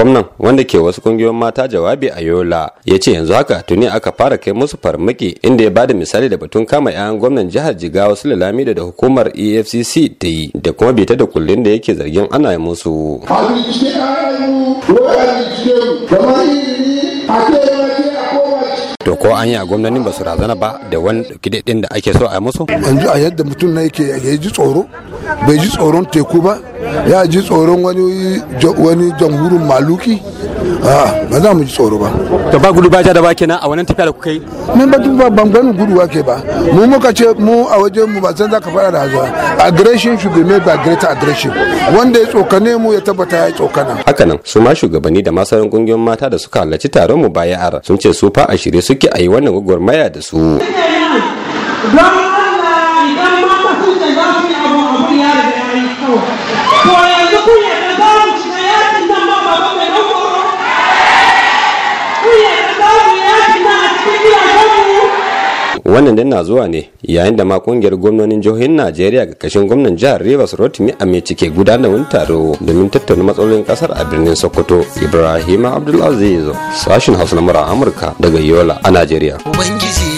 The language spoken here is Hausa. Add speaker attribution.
Speaker 1: gwamnan wanda ke wasu kungiyoyin mata jawabi a yola ya ce yanzu haka tuni aka fara kai musu farmaki inda ya bada misali da batun kama 'ya'yan gwamnan jihar jigawa su lalami da hukumar efcc ta yi da kuma bita da kullun da yake zargin ana yi musu. to ko an yi a gwamnanin ba su razana ba da wani ɗin da ake so a musu yanzu a
Speaker 2: yadda mutum na yake ya ji tsoro bai ji tsoron teku ba ya ji tsoron wani jamhurin maluki
Speaker 1: a'a ah, ba za mu ji tsoro ba to ba gudu ba ja da ba kenan a wannan tafiya da kuka yi
Speaker 2: nan ba duba ban gani gudu ke ba mu muka ce mu a wajen mu ba san za ka fara da hazuwa aggression should be made by greater aggression wanda ya tsokane mu ya tabbata ya tsokana
Speaker 1: hakanan su ma shugabanni da masaran kungiyoyin mata da suka halarci taron mu ara sun ce su fa a shirye suke a yi wannan gwagwarmaya da su wannan dai na zuwa ne yayin da ma kungiyar gwamnonin jihohin najeriya ga kashin gwamnan jihar rivers rotimi mece ke gudanar wani taro domin tattauna matsalolin kasar a birnin sokoto ibrahim abdulaziz sashin hausa na amurka daga yola a najeriya
Speaker 2: ubangiji